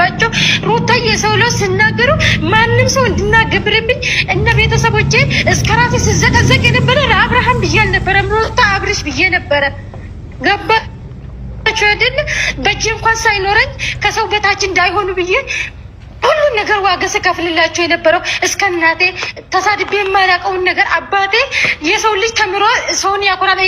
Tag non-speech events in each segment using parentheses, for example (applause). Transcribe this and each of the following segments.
ያለባቸው ሩታ የሰው ለው ስናገሩ ማንም ሰው እንድናገብርብኝ እነ ቤተሰቦቼ እስከ ራሴ ስዘቀዘቅ የነበረ አብርሃም ብዬ አልነበረም፣ ሩታ አብርሽ ብዬ ነበረ። ገባ አይደል? በእጅ እንኳን ሳይኖረኝ ከሰው በታች እንዳይሆኑ ብዬ ሁሉን ነገር ዋጋ ስከፍልላቸው የነበረው እስከ እናቴ ተሳድቤ የማላውቀውን ነገር አባቴ የሰው ልጅ ተምሮ ሰውን ያኮራል።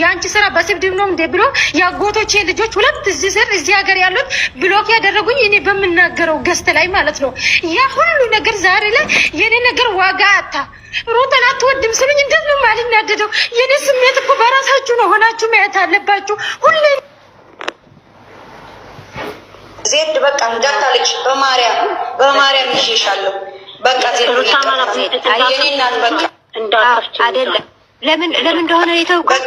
የአንቺ ስራ በስድብ ነው እንደ ብሎ የአጎቶቼ ልጆች ሁለት እዚህ ስር እዚህ ሀገር ያሉት ብሎክ ያደረጉኝ እኔ በምናገረው ገስት ላይ ማለት ነው። ያ ሁሉ ነገር ዛሬ ላይ የኔ ነገር ዋጋ አታ ሮጠን አትወድም ስምኝ፣ እንዴት ነው የማልናደደው? የኔ ስሜት እኮ በራሳችሁ ነው ሆናችሁ ማየት አለባችሁ ሁሌ ሂድ በቃ እንዳታለቅሽ፣ በማርያም በማርያም ይዤሻለሁ። በቃ አይደለም ለምን ለምን እንደሆነ የተውኩት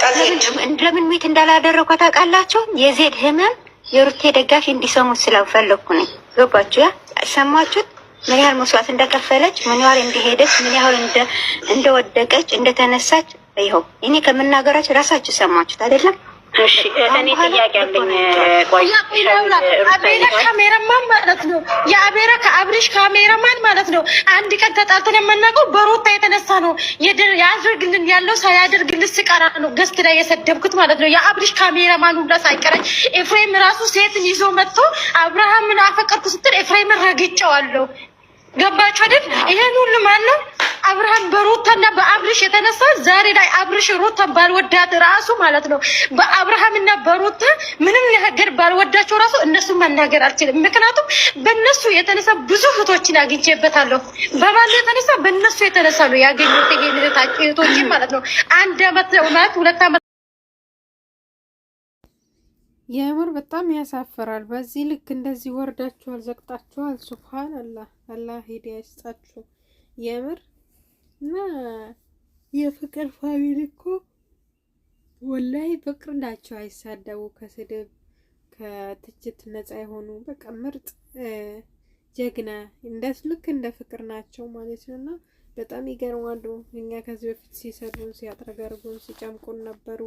ለምን ሚት እንዳላደረኩ ታውቃላችሁ? የዜድ ህመም የሩቴ ደጋፊ እንዲሰሙት ስላልፈለኩ ነው። ገባችሁ? ያ ሰማችሁት? ምን ያህል መስዋዕት እንደከፈለች፣ ምን ያህል እንደሄደች፣ ምን ያህል እንደወደቀች፣ እንደተነሳች። ይኸው እኔ ከመናገራችሁ ራሳችሁ ሰማችሁት አይደለም? እሺ ማለት ነው የአቤራ ከአብሪሽ ካሜራማን ማለት ነው። አንድ ቀን ተጣልተን የምናውቀው በሮታ የተነሳ ነው። ያደርግልን ያለው ሳያደርግልን ስቀራ ነው ገስት ላይ የሰደብኩት ማለት ነው። የአብሪሽ ካሜራማን ሁላ ሳይቀረኝ ኤፍሬም ራሱ ሴትን ይዞ መጥቶ አብርሃምን አፈቀርኩ ስትል ኤፍሬምን ረግጬዋለሁ። ገባችሁ አይደል? ይሄን ሁሉ ነው ከአብርሽ የተነሳ ዛሬ ላይ አብርሽ ሩታን ባልወዳት ራሱ ማለት ነው በአብርሃምና በሩታ ምንም ነገር ባልወዳቸው ራሱ እነሱ መናገር አልችልም። ምክንያቱም በነሱ የተነሳ ብዙ እህቶችን አግኝቼበታለሁ። በባል የተነሳ በነሱ የተነሳ ነው ያገኙት እህቶችን ማለት ነው። አንድ አመት ማለት ሁለት አመት የምር በጣም ያሳፍራል። በዚህ ልክ እንደዚህ ወርዳችኋል፣ ዘቅጣችኋል። ሱብሃን አላህ አላህ ሂዳያ ይስጣችሁ የምር እና የፍቅር ፋሚሊ እኮ ወላይ ፍቅር ናቸው። አይሳደቡ፣ ከስድብ ከትችት ነፃ የሆኑ በቃ ምርጥ ጀግና እንደ ልክ እንደ ፍቅር ናቸው ማለት ነው። እና በጣም ይገርማሉ። እኛ ከዚህ በፊት ሲሰዱን ሲያጥረገርጉን፣ ሲጨምቁን ነበሩ።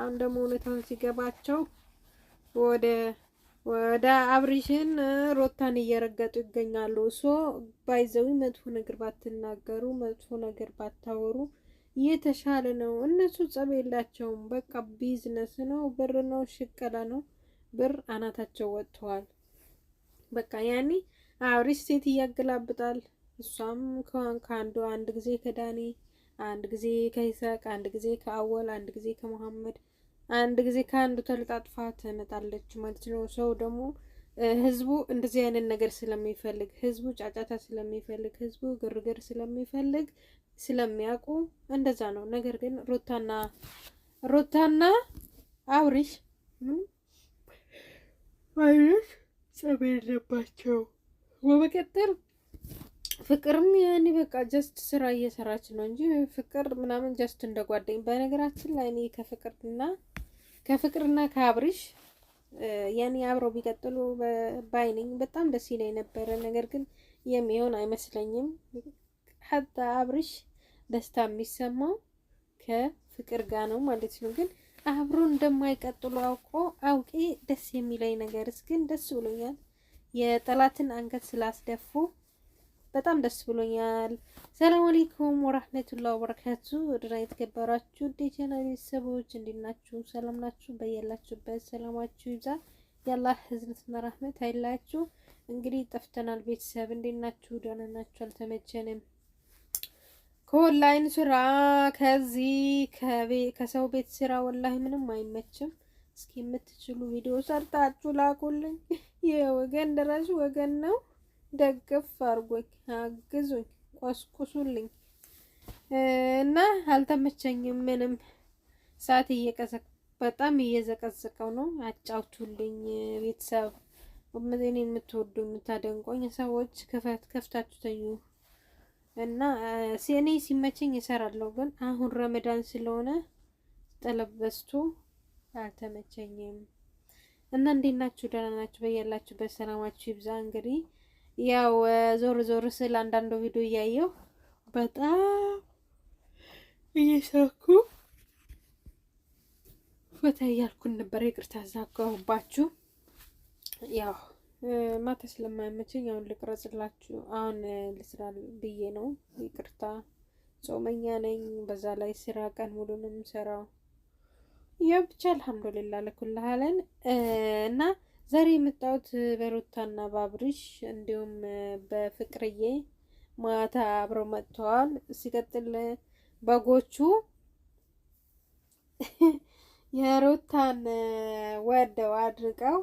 አሁን ደግሞ እውነታውን ሲገባቸው ወደ ወደ አብሪሽን ሮታን እየረገጡ ይገኛሉ። እሶ ባይዘዊ መጥፎ ነገር ባትናገሩ መጥፎ ነገር ባታወሩ የተሻለ ነው። እነሱ ጸብ የላቸውም። በቃ ቢዝነስ ነው፣ ብር ነው፣ ሽቀላ ነው። ብር አናታቸው ወጥተዋል። በቃ ያኔ አብሬሽ ሴት እያገላብጣል። እሷም ከአንዱ አንድ ጊዜ ከዳኒ አንድ ጊዜ ከይሳቅ አንድ ጊዜ ከአወል አንድ ጊዜ ከመሐመድ አንድ ጊዜ ከአንዱ ተለጣጥፋ ትመጣለች ማለት ነው። ሰው ደግሞ ህዝቡ እንደዚህ አይነት ነገር ስለሚፈልግ፣ ህዝቡ ጫጫታ ስለሚፈልግ፣ ህዝቡ ግርግር ስለሚፈልግ ስለሚያውቁ እንደዛ ነው። ነገር ግን ሩታና ሩታና አብርሽ አይነት ጸብ የለባቸው። በመቀጠል ፍቅርም ያኔ በቃ ጀስት ስራ እየሰራች ነው እንጂ ፍቅር ምናምን ጀስት እንደ ጓደኝ። በነገራችን ላይ እኔ ከፍቅርና ከፍቅርና ከአብርሽ ያኔ አብረው ቢቀጥሉ ባይነኝ በጣም ደስ ይለኝ ነበረ። ነገር ግን የሚሆን አይመስለኝም ሀታ አብርሽ ደስታ የሚሰማው ከፍቅር ጋር ነው ማለት ነው። ግን አብሮ እንደማይቀጥሉ አውቆ አውቄ ደስ የሚለኝ ነገርስ ግን ደስ ብሎኛል። የጠላትን አንገት ስላስደፉ በጣም ደስ ብሎኛል። ሰላም አለይኩም ወራህመቱላሂ ወበረካቱ። ወደና የተከበራችሁ ዴቻና ቤተሰቦች ናችሁ? ሰላም ናችሁ? በያላችሁበት ሰላማችሁ ይብዛ። የአላህ ህዝነትና ረህመት አይላችሁ። እንግዲህ ጠፍተናል ቤተሰብ እንዲናችሁ ደህና ናችሁ? አልተመቸንም ከኦንላይን ስራ ከዚህ ከሰው ቤት ስራ ወላሂ ምንም አይመችም። እስኪ የምትችሉ ቪዲዮ ሰርታችሁ ላኩልኝ። የወገን (laughs) ደራሽ ወገን ነው። ደግፍ አርጎኝ፣ አግዙኝ፣ ቆስቁሱልኝ እና አልተመቸኝም። ምንም ሰዓት እየቀሰቅ በጣም እየዘቀዘቀው ነው። አጫውቱልኝ ቤተሰብ፣ እኔን የምትወዱ የምታደንቆኝ ሰዎች ክፈት ከፍታችሁ ተኙ። እና እኔ ሲመቸኝ እሰራለሁ። ግን አሁን ረመዳን ስለሆነ ጠለበስቱ አልተመቸኝም። እና እንዴት ናችሁ? ደህና ናችሁ? በያላችሁበት ሰላማችሁ ይብዛ። እንግዲህ ያው ዞር ዞር ስል አንዳንዱ ቪዲዮ እያየሁ በጣም እየሳኩ ፈታ እያልኩን ነበር። ይቅርታ ዛጋሁባችሁ ያው ማታ ስለማያመቸኝ አሁን ልቅረጽላችሁ አሁን ልስራ ብዬ ነው። ይቅርታ ጾመኛ ነኝ። በዛ ላይ ስራ ቀን ሙሉ ነው የምሰራው። ያው ብቻ አልሐምዱሊላ ለኩላሃለን እና ዛሬ የመጣሁት በሩታና ባብሪሽ እንዲሁም በፍቅርዬ ማታ አብረው መጥተዋል። ሲቀጥል በጎቹ የሩታን ወደው አድርቀው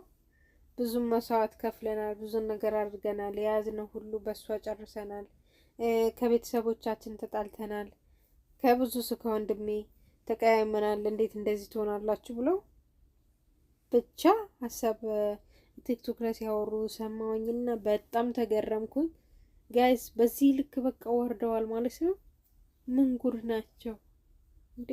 ብዙ መስዋዕት ከፍለናል፣ ብዙ ነገር አድርገናል፣ የያዝነው ሁሉ በእሷ ጨርሰናል፣ ከቤተሰቦቻችን ተጣልተናል፣ ከብዙ ስከ ወንድሜ ተቀያይመናል፣ እንዴት እንደዚህ ትሆናላችሁ ብለው ብቻ ሀሳብ ቲክቶክ ላይ ሲያወሩ ሰማውኝና በጣም ተገረምኩኝ። ጋይስ በዚህ ልክ በቃ ወርደዋል ማለት ነው። ምን ጉድ ናቸው እንዴ!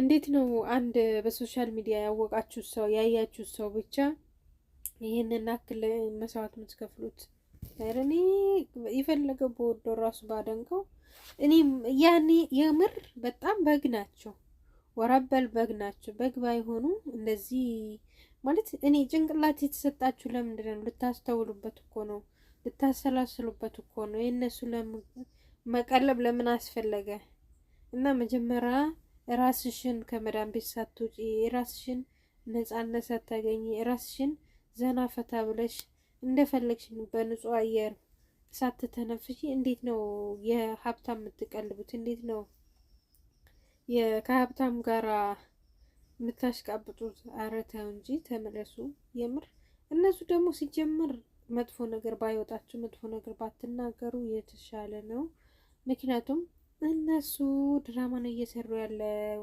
እንዴት ነው አንድ በሶሻል ሚዲያ ያወቃችሁ ሰው ያያችሁ ሰው ብቻ ይህንን አክል መስዋዕት የምትከፍሉት? እኔ የፈለገው በወዶ ራሱ ባደንቀው እኔም ያኔ የምር በጣም በግ ናቸው፣ ወረበል በግ ናቸው። በግ ባይሆኑ እንደዚህ ማለት እኔ ጭንቅላት የተሰጣችሁ ለምንድን ነው? ልታስተውሉበት እኮ ነው፣ ልታሰላስሉበት እኮ ነው። የእነሱ መቀለብ ለምን አስፈለገ? እና መጀመሪያ ራስሽን ከመዳን ቤት ሳትውጪ ራስሽን ነጻነት ሳታገኝ ራስሽን ዘና ፈታ ብለሽ እንደፈለግሽን በንጹህ አየር ሳትተነፍሽ እንዴት ነው የሀብታም የምትቀልቡት? እንዴት ነው ከሀብታም ጋራ የምታሽቃብጡት? አረ ተው እንጂ ተመለሱ። የምር እነሱ ደግሞ ሲጀምር መጥፎ ነገር ባይወጣችሁ መጥፎ ነገር ባትናገሩ የተሻለ ነው። ምክንያቱም እነሱ ድራማ ነው እየሰሩ ያለው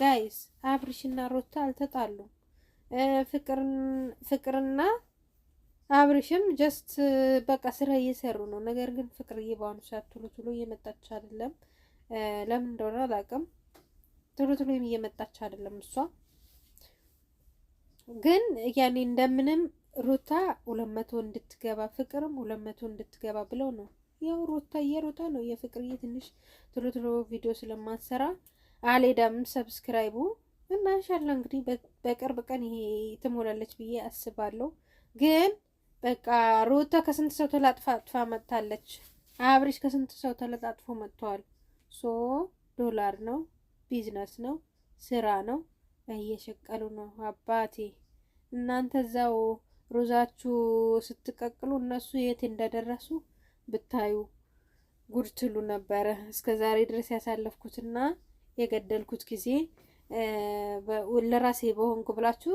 ጋይስ። አብርሽና ሮታ አልተጣሉም። ፍቅርና አብርሽም ጀስት በቃ ስራ እየሰሩ ነው። ነገር ግን ፍቅርዬ በአሁኑ ሰዓት ቶሎ ቶሎ እየመጣች አይደለም። ለምን እንደሆነ አላውቅም። ቶሎ ቶሎ እየመጣች አይደለም። እሷ ግን ያኔ እንደምንም ሩታ ሁለት መቶ እንድትገባ ፍቅርም ሁለት መቶ እንድትገባ ብለው ነው ያው ሮታ እየሮጠ ነው የፍቅርዬ ትንሽ ትሎ ትሎ ቪዲዮ ስለማትሰራ አልሄዳም ሰብስክራይቡ እና ኢንሻአላህ እንግዲህ በቅርብ ቀን ይሄ ትሞላለች ብዬ አስባለሁ። ግን በቃ ሮታ ከስንት ሰው ተላጥፋ አጥፋ መጥታለች። አብሪሽ ከስንት ሰው ተለጣጥፎ መጥተዋል። ሶ ዶላር ነው፣ ቢዝነስ ነው፣ ስራ ነው። እየሸቀሉ ነው አባቴ። እናንተ እዛው ሮዛችሁ ስትቀቅሉ እነሱ የት እንደደረሱ ብታዩ ጉድ ትሉ ነበረ። እስከ ዛሬ ድረስ ያሳለፍኩትና የገደልኩት ጊዜ ለራሴ በሆንኩ ብላችሁ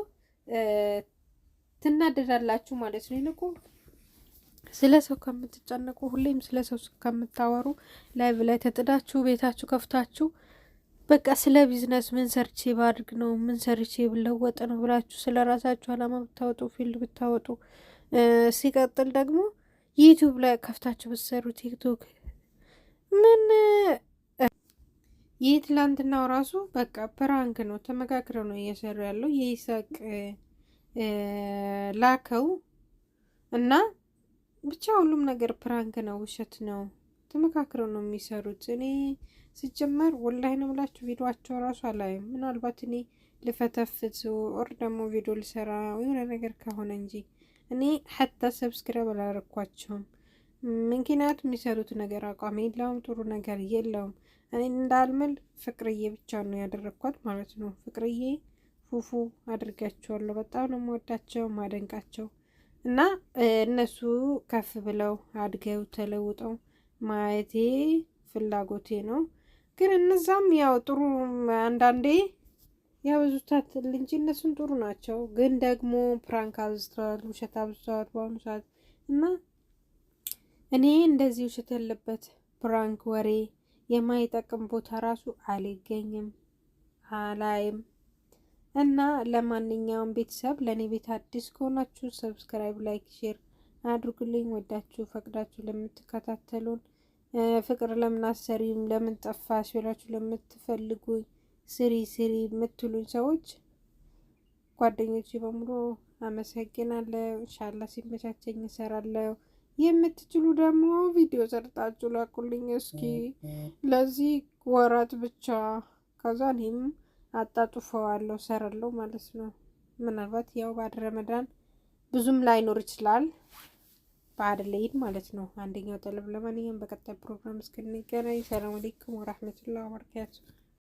ትናደዳላችሁ ማለት ነው። ይልቁ ስለ ሰው ከምትጨነቁ፣ ሁሌም ስለ ሰው ከምታወሩ ላይቭ ላይ ተጥዳችሁ ቤታችሁ ከፍታችሁ በቃ ስለ ቢዝነስ ምን ሰርቼ ባድርግ ነው ምን ሰርቼ ብለወጥ ነው ብላችሁ ስለ ራሳችሁ አላማ ብታወጡ ፊልድ ብታወጡ ሲቀጥል ደግሞ ዩቱብ ላይ ከፍታችሁ ብትሰሩ ቲክቶክ ምን ይህ ትላንትናው ራሱ በቃ ፕራንክ ነው፣ ተመካክረው ነው እየሰሩ ያለው የይሳቅ ላከው እና ብቻ ሁሉም ነገር ፕራንክ ነው፣ ውሸት ነው። ተመካክረው ነው የሚሰሩት። እኔ ሲጀመር ወላሂ ነው ብላችሁ ቪዲዮቸው ራሱ አላይም። ምናልባት እኔ ልፈተፍት ኦር ደግሞ ቪዲዮ ልሰራ የሆነ ነገር ከሆነ እንጂ እኔ ሀታ ሰብስክራይብ አላረኳቸውም። ምክንያት የሚሰሩት ነገር አቋም የለውም፣ ጥሩ ነገር የለውም። እኔ እንዳልምል ፍቅርዬ ብቻ ነው ያደረግኳት ማለት ነው። ፍቅርዬ ፉፉ አድርጋቸዋለሁ። በጣም ነው የምወዳቸው ማደንቃቸው እና እነሱ ከፍ ብለው አድገው ተለውጠው ማየቴ ፍላጎቴ ነው። ግን እነዛም ያው ጥሩ አንዳንዴ ያበዙታት እንጂ እነሱን ጥሩ ናቸው። ግን ደግሞ ፕራንክ አብዝተዋል፣ ውሸት አብዝተዋል በአሁኑ ሰዓት እና እኔ እንደዚህ ውሸት ያለበት ፕራንክ ወሬ የማይጠቅም ቦታ ራሱ አልገኝም አላይም። እና ለማንኛውም ቤተሰብ ለእኔ ቤት አዲስ ከሆናችሁ ሰብስክራይብ፣ ላይክ፣ ሼር አድርጉልኝ። ወዳችሁ ፈቅዳችሁ ለምትከታተሉን ፍቅር ለምን አሰሪም ለምን ጠፋ ሲላችሁ ለምትፈልጉኝ ስሪ ስሪ የምትሉኝ ሰዎች ጓደኞች በሙሉ አመሰግናለሁ። ኢንሻላህ ሲመቻቸኝ እሰራለሁ። የምትችሉ ደግሞ ቪዲዮ ሰርጣችሁ ላኩልኝ እስኪ ለዚህ ወራት ብቻ። ከዛ እኔም አጣጡፈዋለሁ ሰራለሁ ማለት ነው። ምናልባት ያው ባድ ረመዳን ብዙም ላይኖር ይችላል። ባዕድ ለይድ ማለት ነው። አንደኛው ጠለብ ለማንኛውም በቀጣይ ፕሮግራም እስክንገናኝ ሰላም አሌይኩም ወራህመቱላህ ወበረካቱ።